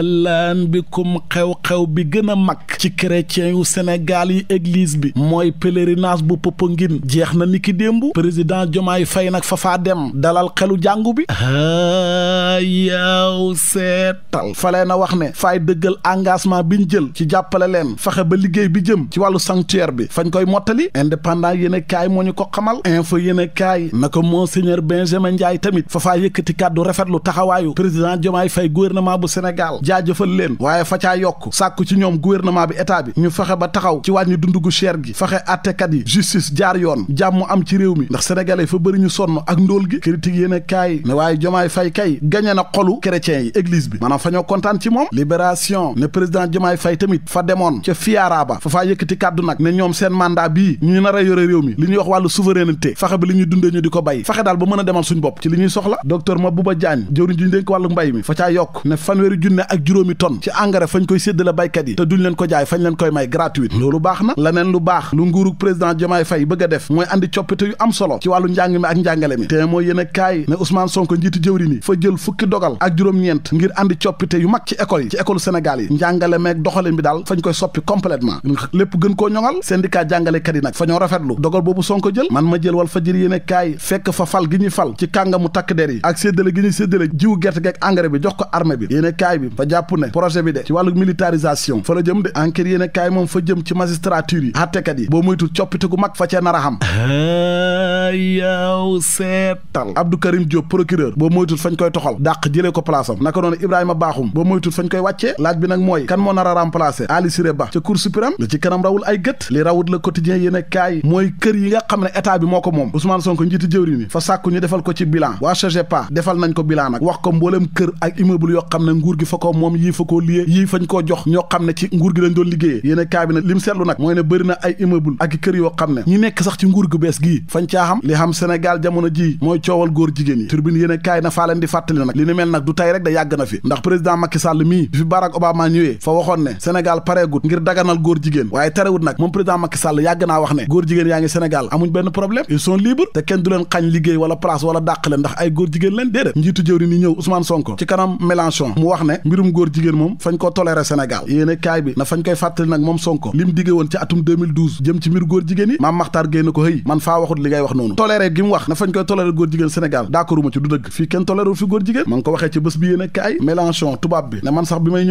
lan bikum xew-xew bi gën a mag ci chrétien yu Sénégal yi église bi mooy pèlerinage bu Popenguine jeex na niki démb président Diomaye fay nag fafaa dem dalal xelu jàngu bi a yaaw seetal falee na wax ne faay dëggal engagement bi ñu jël ci jàppale leen faxe ba liggéey bi jëm ci wàllu sanctuaire bi fañ koy mottali indépendant yéene kaay moo ñu ko xamal info yéene na ko monseigneur Benjamin Ndiaye tamit fafaa yëkkati kàddu rafetlu rafetlu taxawaayu président Diomaye Faye gouvernement bu Sénégal jaajëfal leen waaye fa caa yokk sàkku ci ñoom gouvernement bi état bi ñu fexe ba taxaw ci wàññi dund gu cher gi fexe attekat yi justice jaar yoon jàmm am ci réew mi ndax sénégalais fa bëri ñu sonn ak ndóol gi critique yéen a kaay ne waaye Diomaye Faye kay gañe na xolu chrétiens yi église bi maanaam fa kontaan ci moom libération ne président Diomaye Faye tamit fa demoon ca fiaaraa ba fa faa yëkkati kàddu nag ne ñoom seen ñu a yore réew mi li ñuy ñu di ko bay fexe daal ba mën a demal bopp ci li ñuy soxla docteur jëwriñ juñ dénk wàllu mbay mi fa caa yokk ne fanweeri junne ak juróomi ton ci engrais fañ koy séddale baykat yi te duñ leen ko jaay fañ leen koy may gratuite loolu baax na laneen lu baax lu nguurug président Diomaye fay bëgg a def mooy andi coppite yu am solo ci wàllu njàng mi ak njàngale mi te mooy yéen a kaay ne Ousmane Sonko njiitu jëwriñ yi fa jël fukki dogal ak juróom-ñeent ngir andi coppite yu mag ci école yi ci école Sénégal yi njàngale meeg doxalin bi daal fañ koy soppi complètement lépp gën koo ñoŋal syndicat jàngalekat yi nag fa ñoo rafetlu dogal boobu Sonko jël man ma jël wal fa jël yéen a kaay fekk fa gi ñuy fal ci kàngamu takk der yi ak séddale gi ñuy séddale jiw gerte geeg engrais bi jox ko armée bi yéen kaay bi fa jàpp ne projet bi de ci wàllu militarisation fa la jëm de enquête yéen kaay boo moytul coppite gu mag fa ah, jëlee ko place am naka noonu Ibrahima Bakhoum boo moytul fañ koy wàccee laaj bi nag mooy kan moo nar a remplacer Ali Siré Ba ay gët li rawut le quotidien yéen kaay mooy kër yi nga xam ne état bi moo ko moom Ousmane Sonko njiiti jëwriñ fa sàkku ñu defal ko ci bilan waa CGPA defal nañ ko bilan bilan nag wax ko mboolem kër ak immeuble yoo xam ne nguur gi fa ko moom yii fa koo liyee yii fañ koo jox ñoo xam ne ci nguur gi lañ doon liggéeyee yéen kaay bi lim seetlu nag mooy ne bëri na ay immeuble ak kër yoo xam ne ñi nekk sax ci nguur gu bees gii fañ caa xam li xam Sénégal jamono ji mooy coowal góor jigéen yi turbine yéen kaay na faa leen di fàttali nag li ni mel nag du tey rek da yàgg na fi ndax président Macky Sall mii fi Barack Obama ñëwee fa jëwriñ yi ñëw Ousmane Sonko ci kanam Mélenchon mu wax ne mbirum góor jigéen moom fañ ko toléré Sénégal yéene kaay bi na fañ koy fàttali nag moom Sonko li mu woon ci atum jëm ci mbir góor jigéen yi maam Maxtaar Gueye na ko hëy man faa waxut li ngay wax noonu toléré gi mu wax na fañ koy toléré góor jigéen Sénégal d'accorduma ci du dëgg fii kenn toléré fi góor jigéen ma ko waxee ci bés bi yéene kaay Mélenchon tubaab bi ne man sax bi may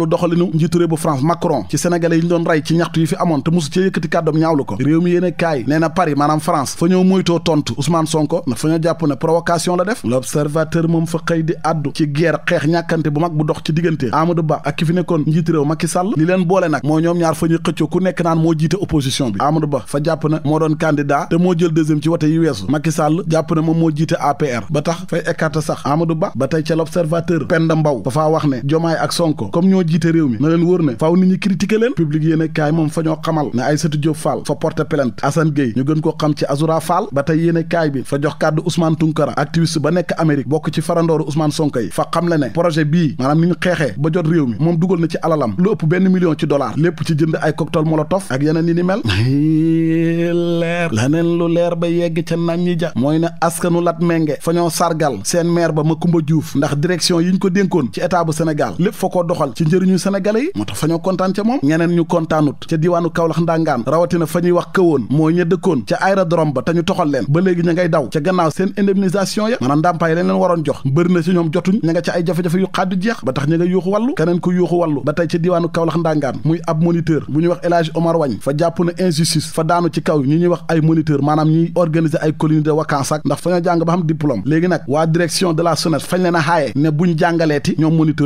ñëw génnu njiitu bu France Macron ci sénégalais yi ñu doon rey ci ñaxtu yi fi amoon te mosu ci yëkkati kàddoom ñaawlu ko réew mi yéen kaay nee Paris maanaam France fa ñoo moytoo tontu Ousmane Sonko na fa ñoo jàpp ne provocation la def l'observateur moom fa xëy di addu ci guerre xeex ñàkkante bu mag bu dox ci diggante Amadou Ba ak ki fi nekkoon njiitu réew Macky li leen boole nag moo ñoom ñaar fa ñuy xëccoo ku nekk naan moo jiite opposition bi Amadou mi na leen wóor ne faaw nit ñi critiquer leen public yéene kaay moom fa ñoo xamal ne Aïssatou Diop Fall fa porter plainte Assane Gueye ñu gën koo xam ci Azoura Fall ba tey yéene kaay bi fa jox kàddu Ousmane Tunkara activiste ba nekk Amérique bokk ci farandooru Ousmane Sonko yi fa xam le ne projet bii maanaam ni ñu xeexee ba jot réew mi moom dugal na ci alalam lu ëpp benn million ci dollar lépp ci jënd ay cocktail molotov ak yeneen yi ni mel leer laneen lu leer ba yegg ca nañ ñi ja mooy ne askanu lat menge fa ñoo sargal seen maire ba Macoumba Diouf ndax direction yi ñu ko dénkoon ci état bu Sénégal lépp fa doxal ci njëriñu Sénégal sénégalais yi moo tax fa ñoo kontaan ca moom ñeneen ñu kontaanut ca diiwaanu kaolax ndangaan rawatina fa ñuy wax këwoon mooy ña dëkkoon ca aérodrome ba te ñu toxal leen ba léegi ña ngay daw ca gannaaw seen indemnisation ya maanaam ndàmpaay lañ leen waroon jox bëri na ci ñoom jotuñ ña nga ca ay jafe-jafe yu xaaddu jeex ba tax ña nga yuuxu wàllu keneen ku yuuxu wàllu ba tey ca diiwaanu kaolax ndangaan muy ab moniteur bu ñuy wax El Omar Wagne fa jàpp na injustice daanu ci kaw ñi ñuy wax ay moniteur maanaam ñuy organiser ay colonie de vacances ak ndax fa ñoo jàng la SONES fañ leen a xaaye ne buñ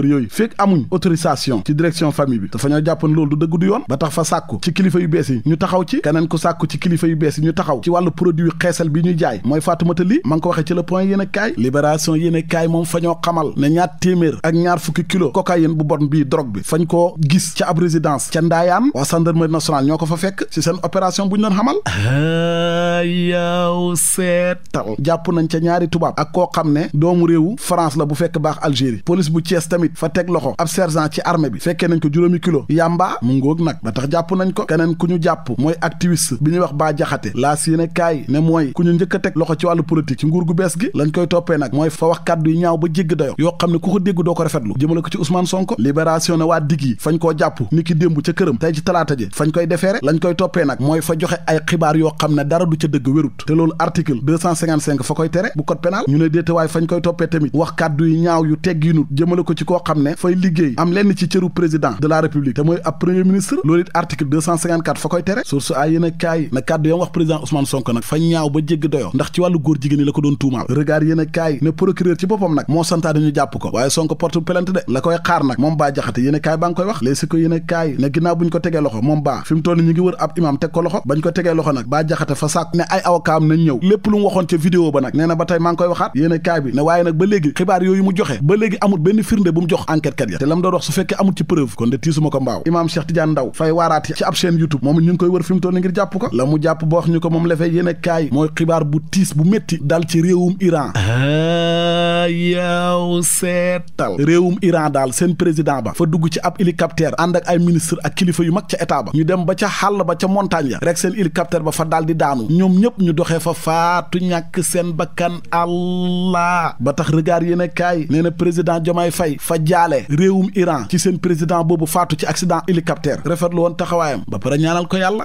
yooyu fekk amuñ direction famille bi dafa ñoo jàppoon loolu du dëgg du yoon ba tax fa sàkku ci kilifa yu bees yi ñu taxaw ci wàllu produit xeesal bi ñuy jaay mooy Fatoumata Ly ma ko waxee ci le point yéen a kaay libération yéen a kaay moom fa ñoo xamal ne ñaar téeméer ak ñaar fukki kilo cocaïne bu bon bii drogue bi fañ koo gis ca ab résidence ca Ndaayaan waa gendarmerie nationale ñoo ko fa fekk ci seen opération bu ñu doon xamal yaaw seetal jàpp nañ ca ñaari tubaab ak koo xam ne doomu réewu France la bu fekk baax Algérie police bu Thiès tamit fa teg loxo tekkee ko juróomi kilo yàmbaa mu ngóog nag ba tax jàpp nañ ko keneen ku ñu jàpp mooy activiste bi ñuy wax baa jaxate laas yéene kaay ne mooy ku ñu njëkk a teg loxo ci wàllu politique ci nguur gu bees gi lañ koy toppee nag mooy fa wax kàddu yi ñaaw ba jégg dayo yoo xam ne ku ko dégg doo ko rafetlu jëmale ko ci Ousmane Sonko libération ne waa dig yi fañ koo jàpp ni ki démb ca këram tey ci talaata ji fañ koy defee defeere lañ koy toppee nag mooy fa joxe ay xibaar yoo xam ne dara du ca dëgg wérut te loolu article 255 fa koy tere bu code pénal ñu ne déete waaye fañ koy toppee tamit wax yi ñaaw yu tegginut jëmale ko ci koo xam ne fay liggéey am lenn ci cëru président de la république te mooy ab président Ousmane Sonko nag fa ñaaw ba jégg doyoo ndax ci wàllu góor jigéen yi la ko doon tuumaal regard yéen ne procureur ci boppam nag moo santaane ñu jàpp ko waaye Sonko porte plainte de la koy xaar nag moom baa jaxate yéen baa ngi koy wax léegi si ko yéen ne ginnaaw bu ñu ko tegee loxo moom baa fi mu ñu ngi wër ab imam teg ko loxo bañ ko tegee loxo nag baa jaxate fa sàkk ne ay awakaam nañ ñëw preuve kon de tiisuma ko mbaaw imaam Cheikh Tidiane Ndaw fay waaraati ci ab chaîne YouTube moom ñu koy wër fi mu ngir jàpp ko la mu jàpp boo wax ñu ko moom lefee yéen kaay mooy xibaar bu tiis bu métti dal ci réewum Iran ah, yaaw seetal réewum Iran daal seen président ba fa dugg ci ab hélicoptère ànd ak ay ministre ak kilifa yu mag ca état ba ñu dem ba ca xàll ba ca montagne ya rek seen hélicoptère ba fa daal di daanu ñoom ñëpp ñu doxee fa faatu ñàkk seen bakkan ba tax regard yéen kaay nee na président Diomaye Faye fa jaale réewum Iran ci seen président boobu faatu ci accident hélicoptère rafetlu woon taxawaayam ba pare ñaanal ko yàlla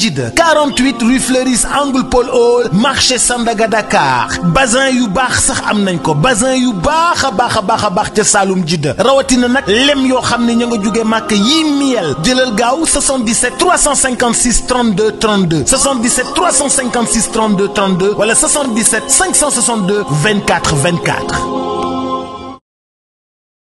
Jidda 48 rue Fleuris angle Paul Hall marché Sandaga Dakar bazin yu baax sax am nañ ko basin yu baax a baax a baax a baax ca Saloum Jidda rawatina nag lem yoo xam ne ña nga jugee màkk yii miel jëlal gaaw 77 356 32 32 77 356 32 32 wala 77 562 24 24.